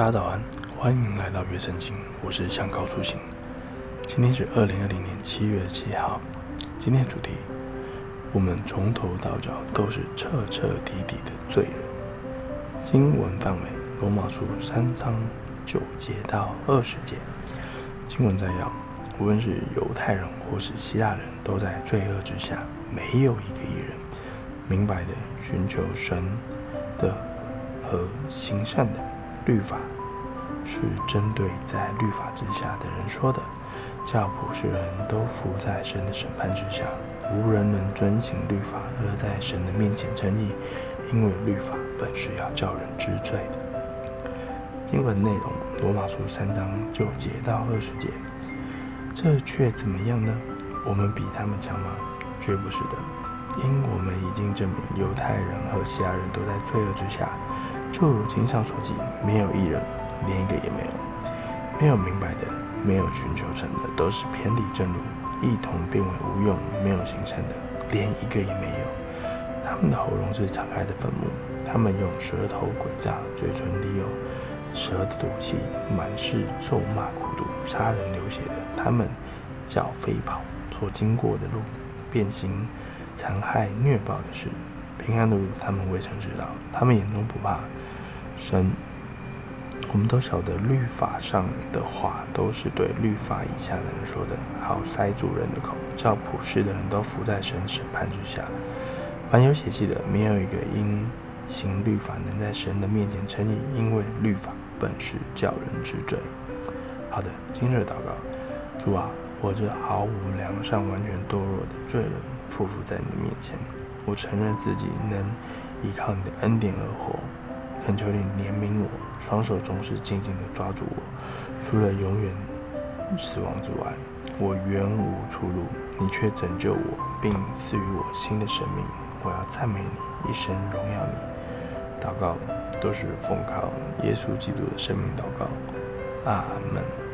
大家早安，歡迎來到《樂聖經》，我是向高出行。今天是二零二零年七月七號。今天的主題：我們從頭到腳都是徹徹底底的罪人。經文範圍：羅馬書三章九節到二十節。經文摘要：無論是猶太人或是希臘人，都在罪惡之下，沒有一個義人明白的尋求神的和行善的。律法是針對在律法之下的人說的，叫普世人都伏在神的審判之下，無人能遵行律法而在神的面前稱義，因為律法本是要叫人知罪的。經文內容，羅馬書三章九節到二十節，這卻怎麼樣呢？我們比他們強嗎？絕不是的，因我們已經證明猶太人和希臘人都在罪惡之下。就如經上所記，沒有義人，連一個也沒有；沒有明白的，沒有尋求神的，都是偏離正路，一同變為無用。沒有行善的，連一個也沒有。他們的喉嚨是敞開的墳墓，他們用舌頭詭詐，嘴唇裡有虺蛇的毒氣，滿是咒罵、苦毒、殺人、流血的。他們的腳飛跑，所經過的路，便行、殘害、暴虐的事。平安的路，他們未曾知道；他們眼中不怕神。我們都曉得，律法上的話都是對律法以下的人說的，好塞住人的口，叫普世的人都伏在神審判之下。凡有血氣的，沒有一個因行律法能在神的面前稱義，因為律法本是叫人知罪。好的，今日禱告，主啊，我這毫無良善、完全墮落的罪人，匍匐在你面前。我承認自己能依靠你的恩典而活，懇求你憐憫我。雙手總是緊緊地抓住我，除了永遠死亡之外，我原無出路。你卻拯救我，並賜予我新的生命。我要讚美你，一生榮耀你。禱告都是奉靠耶穌基督的生命禱告。阿門。